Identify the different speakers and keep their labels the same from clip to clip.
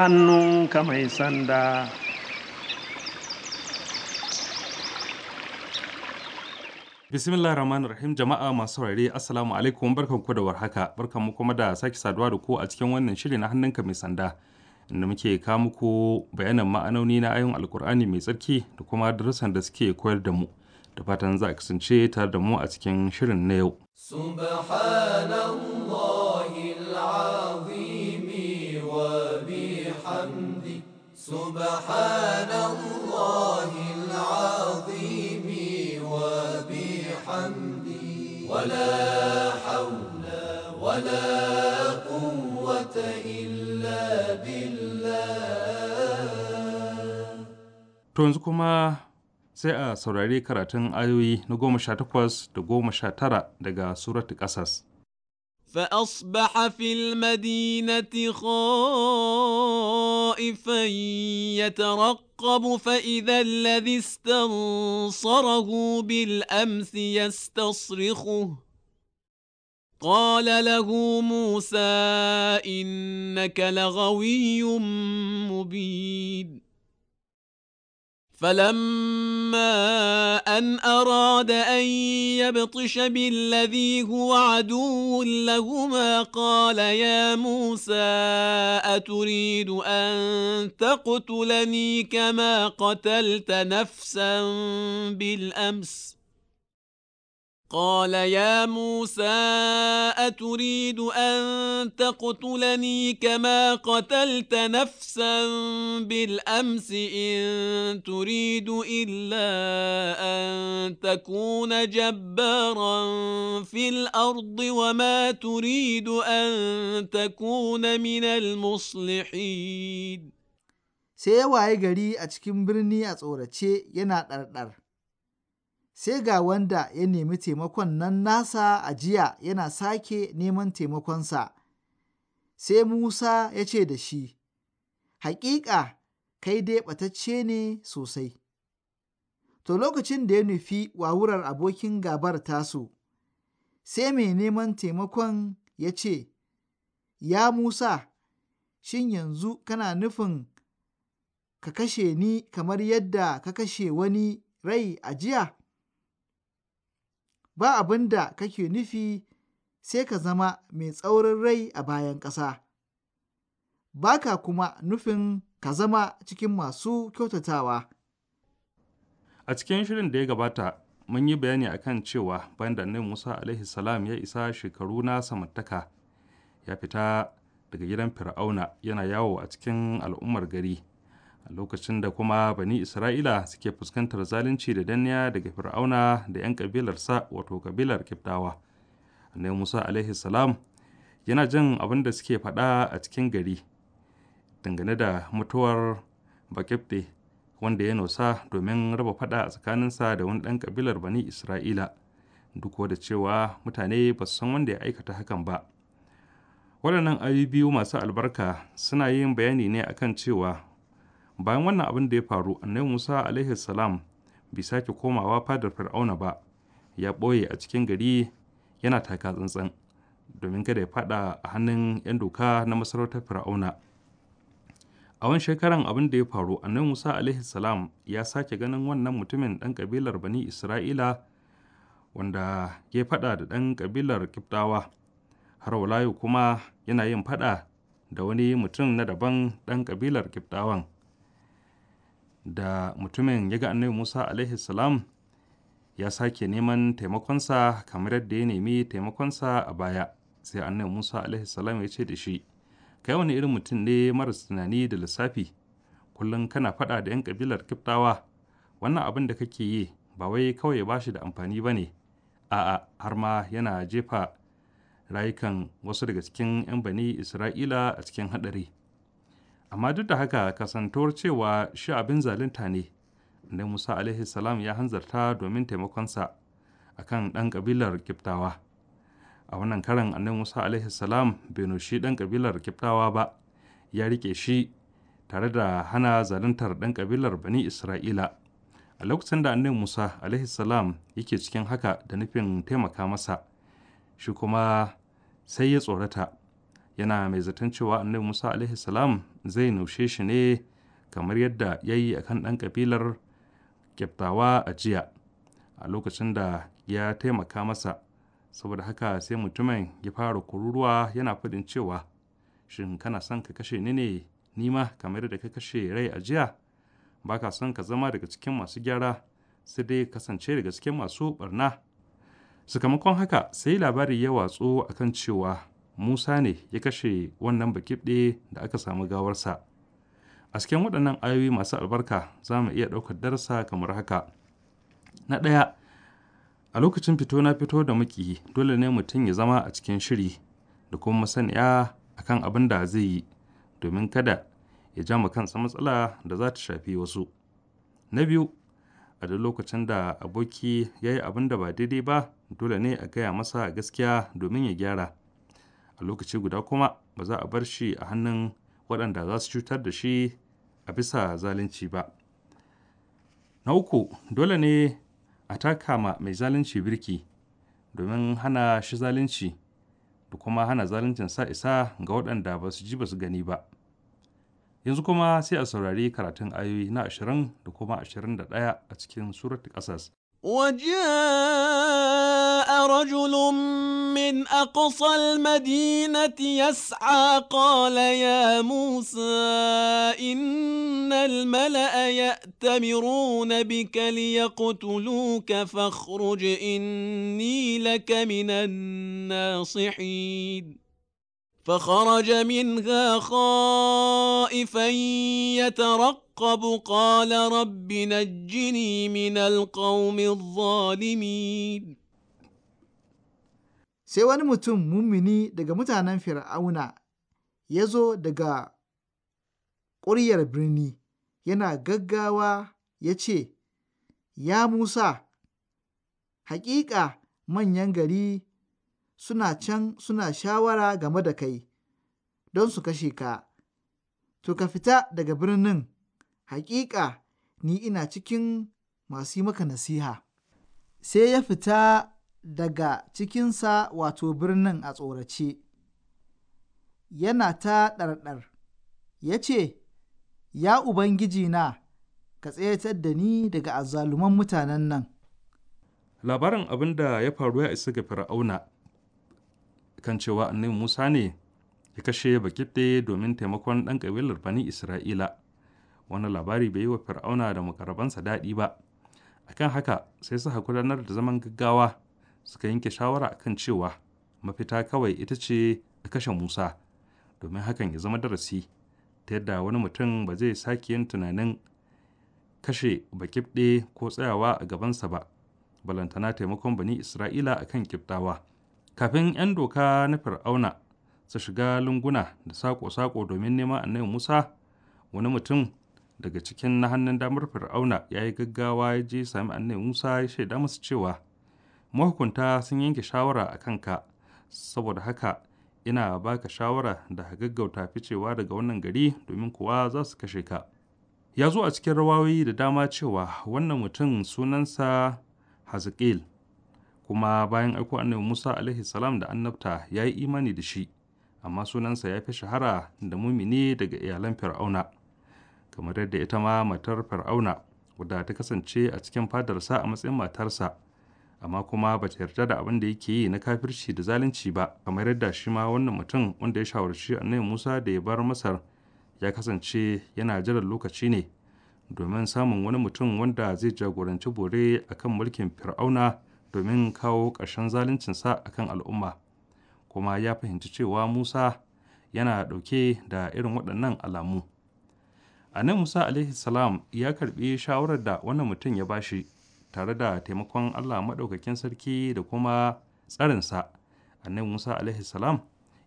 Speaker 1: hannunka mai sanda bismillah rahman rahim jama'a masu saurare assalamu alaikum barkan ku da warhaka barkan mu kuma da sake saduwa da ku a cikin wannan shiri na hannunka mai sanda inda muke ka muku bayanan ma'anoni na ayon alkur'ani mai tsarki da kuma darussan da suke koyar da mu da fatan za a kasance tare da mu a cikin shirin na yau
Speaker 2: سبحان الله العظيم وبحمده ولا حول ولا قوة إلا بالله
Speaker 1: To yanzu kuma sai a saurari karatun ayoyi na goma sha takwas da goma sha tara daga suratu ƙasas.
Speaker 2: فأصبح في المدينة خائفا يترقب فإذا الذي استنصره بالأمس يستصرخه قال له موسى إنك لغوي مبين فلما أن أراد أن يبطش بالذي هو عدو لهما قال يا موسى أتريد أن تقتلني كما قتلت نفسا بالأمس ؟ قال يا موسى اتريد ان تقتلني كما قتلت نفسا بالامس ان تريد الا ان تكون جبارا في الارض وما تريد ان تكون من المصلحين
Speaker 3: سيوا ya غري gari a cikin birni a tsorace yana sai ga wanda ya nemi taimakon nan nasa a jiya yana sake neman taimakonsa. Sai Musa ya ce da shi, Hakika kai dai ɓatacce ne sosai. To lokacin da ya nufi wawurar abokin gabar tasu, sai mai neman taimakon ya ce, Ya Musa, shin yanzu kana nufin ka kashe ni kamar yadda ka kashe wani rai a jiya? ba abin da kake nufi sai ka zama mai tsaurin rai a bayan ƙasa, baka kuma nufin ka zama cikin masu kyautatawa.
Speaker 1: A cikin shirin da ya gabata, mun yi bayani akan cewa bayan da Annabi Musa alaihi salam ya isa shekaru na samartaka, ya fita daga gidan Fir'auna yana yawo a cikin al'ummar gari. a lokacin da kuma bani isra'ila suke fuskantar zalunci da danniya daga fir'auna da 'yan kabilarsa wato kabilar kiftawa annabi musa alaihi salam yana jin abin da suke faɗa a cikin gari dangane da mutuwar bakifte wanda ya nosa domin raba faɗa a tsakaninsa da wani ɗan kabilar bani isra'ila duk da cewa mutane ba su san wanda ya aikata hakan ba waɗannan ayu biyu masu albarka suna yin bayani ne akan cewa bayan wannan abin da ya faru annabi musa alaihi salam bai sake komawa fadar fir'auna ba ya ɓoye a cikin gari yana taka tsantsan domin kada ya fada a hannun 'yan doka na masarautar fir'auna a wani shekaran abin da ya faru annabi musa alaihi salam ya sake ganin wannan mutumin dan kabilar bani isra'ila wanda ya fada da dan kabilar kiftawa har walayu kuma yana yin fada da wani mutum na daban dan kabilar kiftawan da mutumin ya ga annabi Musa alaihi ya sake neman taimakonsa kamar yadda ya nemi taimakonsa a baya sai annabi Musa alaihi ya ce da shi kai wani irin mutum ne maras tunani da lissafi kullum kana faɗa da 'yan kabilar kiftawa wannan abin da kake yi ba wai kawai ba shi da amfani ba ne a'a har ma yana jefa rayukan wasu daga cikin 'yan bani isra'ila a cikin haɗari amma duk da haka kasantuwar cewa shi abin zalunta ne da musa alaihi salam ya hanzarta domin taimakonsa akan ɗan ƙabilar kiftawa a wannan karan annan musa alaihi salam bai nushi ɗan ƙabilar kiftawa ba ya rike shi tare da hana zaluntar ɗan ƙabilar bani isra'ila a lokacin da annabi musa alaihi salam yake cikin haka da nufin taimaka masa shi kuma sai ya tsorata yana mai zaton cewa annabi musa alaihi salam zai naushe shi ne kamar yadda ya yi akan ɗan ƙabilar kyaftawa a jiya a lokacin da ya taimaka masa saboda haka sai mutumin ya fara kururuwa yana faɗin cewa shin kana son ka kashe ni ne nima kamar yadda ka kashe rai a jiya ba ka son ka zama daga cikin masu gyara sai dai kasance daga cikin masu ɓarna? sakamakon haka sai labari ya watsu akan cewa Musa ne ya kashe wannan bakibɗe da aka samu gawarsa. A cikin waɗannan ayoyi masu albarka za mu iya ɗaukar darsa kamar haka. Na ɗaya, a lokacin fito na fito da maki dole ne mutum ya zama a cikin shiri da kuma masaniya kan abin da zai yi domin kada ya ja kansa matsala da za ta shafi wasu. Na biyu, a duk lokacin da aboki ya yi abin da ba daidai ba dole ne a gaya masa gaskiya domin ya gyara. a lokaci guda kuma ba za a bar shi a hannun waɗanda za su cutar da shi a bisa zalunci ba na uku dole ne a taka ma mai zalunci birki domin hana shi zalunci da kuma hana zaluncin sa isa ga waɗanda ba su ji ba su gani ba yanzu kuma sai a saurari karatun ayoyi na ashirin da kuma ashirin da ɗaya a cikin surat ƙasas
Speaker 2: wajen رجل من أقصى المدينة يسعى قال يا موسى إن الملأ يأتمرون بك ليقتلوك فاخرج إني لك من الناصحين فخرج منها خائفا يترقب قال رب نجني من
Speaker 3: القوم الظالمين sai wani mutum mummini daga mutanen fir'auna ya zo daga ƙuryar birni yana gaggawa ya ce ya musa haƙiƙa manyan gari suna can suna shawara game da kai don su kashe ka to ka fita daga birnin haƙiƙa ni ina cikin masu yi maka nasiha sai ya fita daga cikinsa wato birnin a tsorace yana ta ɗarɗar ya ce ya ubangiji na ka tsayatar da ni daga azaluman mutanen nan
Speaker 1: labarin abin da ya faru ya isa ga fir'auna kan cewa annabi musa ne ya kashe bakidde domin taimakon ɗan ƙabilar bani isra'ila wani labari bai yi wa fir'auna da makarabansa daɗi ba akan haka sai suka gudanar da zaman gaggawa suka yanke shawara a kan cewa mafita kawai ita ce a kashe Musa domin hakan ya zama darasi ta yadda wani mutum ba zai sake yin tunanin kashe bakibɗe ko tsayawa a gabansa ba balantana taimakon bani Isra'ila a kan kibtawa kafin 'yan doka na fir'auna su shiga lunguna da sako-sako domin neman annabi Musa wani mutum daga cikin na hannun damar fir'auna ya yi gaggawa ya je sami annabi Musa ya shaida masu cewa mahukunta sun yanke shawara a kanka saboda haka ina baka shawara da gaggauta ficewa daga wannan gari domin kuwa za su kashe ka ya zo a cikin rawayoyi da dama cewa wannan mutum sunansa hazikil kuma bayan aiko annabi musa alaihi salam da annabta ya yi imani da shi amma sunansa ya fi shahara da mumini daga iyalan fir'auna kamar yadda ita ma matar fir'auna wadda ta kasance a cikin fadarsa a matsayin matarsa amma kuma ba ta yarda da abin da yake yi na kafirci da zalunci ba kamar yadda shi ma wannan mutum wanda ya shawarci annabi musa da ya bar masar ya kasance yana jiran lokaci ne domin samun wani mutum wanda zai jagoranci bore akan mulkin fir'auna domin kawo ƙarshen zaluncinsa akan al'umma kuma ya fahimci cewa musa yana ɗauke da irin waɗannan alamu annabi musa alaihi salam ya karɓi shawarar da wannan mutum ya bashi tare da taimakon Allah maɗaukakin sarki da kuma tsarinsa annabi Musa alaihi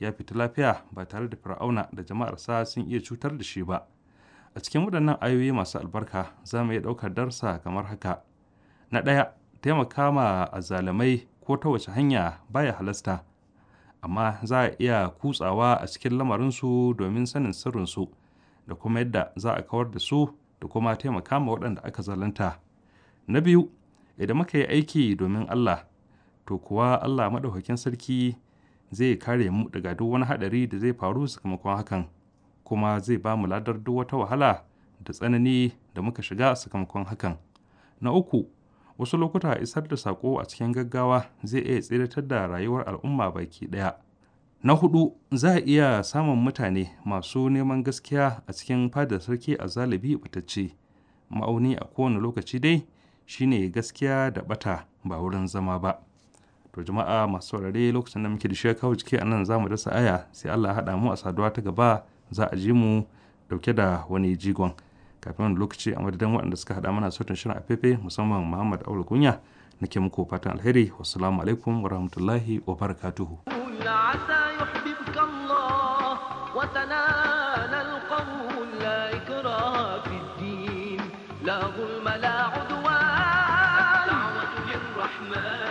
Speaker 1: ya fita lafiya ba tare da fir'auna da jama'arsa sun iya cutar da shi ba a cikin waɗannan ayoyi masu albarka za mu iya ɗaukar darsa kamar haka na ɗaya taimaka ma azalamai ko ta wace hanya baya halasta amma za a iya kutsawa a cikin lamarinsu domin sanin sirrinsu da kuma yadda za a kawar da su da kuma taimaka ma waɗanda aka zalunta Na biyu, idan muka yi aiki domin Allah, to kuwa Allah Maɗaukakin Sarki zai kare mu daga duk wani haɗari da zai faru sakamakon hakan, kuma zai ba mu ladar duk wata wahala da tsanani da muka shiga sakamakon hakan. Na uku, wasu lokuta isar da saƙo a cikin gaggawa zai iya tseratar da rayuwar al'umma baki ɗaya. Na hudu, za a iya samun mutane masu neman gaskiya a cikin fadar sarki a zalibi batacce. Ma'auni a kowane lokaci dai shine gaskiya da bata ba wurin zama ba to jama'a masu saurare lokacin da muke da shi kawo ciki anan za mu dasa aya sai Allah haɗa mu a saduwa ta gaba za a ji mu dauke da wani jigon kafin wani lokaci a madadin waɗanda suka haɗa mana sautin shirin a fefe musamman Muhammad Aulu Kunya nake muku fatan alheri wassalamu alaikum wa rahmatullahi wa barakatuhu
Speaker 2: لا ظلم لا عدوان
Speaker 3: محمد